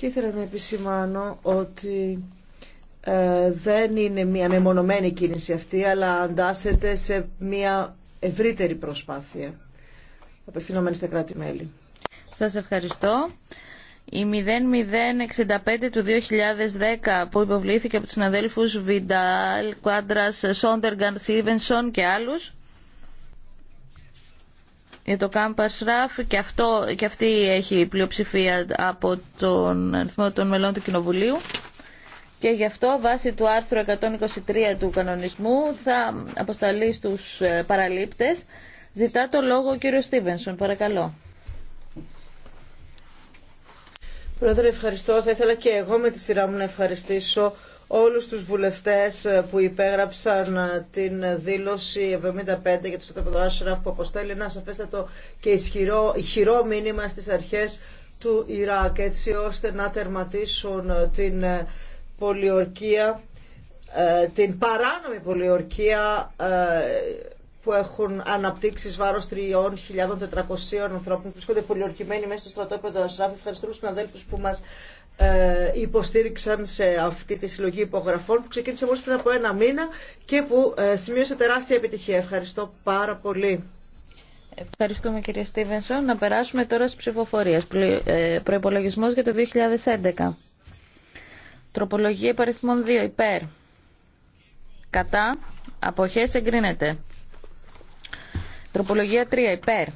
Και ήθελα να επισημάνω ότι ε, δεν είναι μια μεμονωμένη κίνηση αυτή, αλλά αντάσσεται σε μια ευρύτερη προσπάθεια. Απευθυνόμενη στα κράτη-μέλη. Σας ευχαριστώ. Η 0065 του 2010 που υποβλήθηκε από τους συναδέλφους Βιντάλ, Κουάντρας, Σόντεργαν, Σίβενσον και άλλους για το Κάμπα Ραφ και, αυτό, και αυτή έχει πλειοψηφία από τον αριθμό των μελών του Κοινοβουλίου και γι' αυτό βάσει του άρθρου 123 του κανονισμού θα αποσταλεί στους ε, παραλήπτες. Ζητά το λόγο ο κύριος Στίβενσον, παρακαλώ. Πρόεδρε, ευχαριστώ. Θα ήθελα και εγώ με τη σειρά μου να ευχαριστήσω όλους τους βουλευτές ε, που υπέγραψαν ε, την δήλωση 75 για το στρατόπεδο Άσραφ που αποστέλει ένα σαφέστατο και ισχυρό, ισχυρό μήνυμα στις αρχές του Ιράκ έτσι ώστε να τερματίσουν ε, την πολιορκία την παράνομη πολιορκία που έχουν αναπτύξει βάρος 3.400 ανθρώπων που βρίσκονται πολιορκημένοι μέσα στο στρατόπεδο Ασράφ. Ευχαριστούμε τους συναδέλφους που μας ε, υποστήριξαν σε αυτή τη συλλογή υπογραφών που ξεκίνησε μόλις πριν από ένα μήνα και που ε, σημείωσε τεράστια επιτυχία. Ευχαριστώ πάρα πολύ. Ευχαριστούμε κύριε Στίβενσον. Να περάσουμε τώρα στις ψηφοφορίες. Ε, Προπολογισμό για το 2011. Τροπολογία υπαριθμών 2. Υπέρ. Κατά. Αποχές εγκρίνεται. Τροπολογία 3. Υπέρ.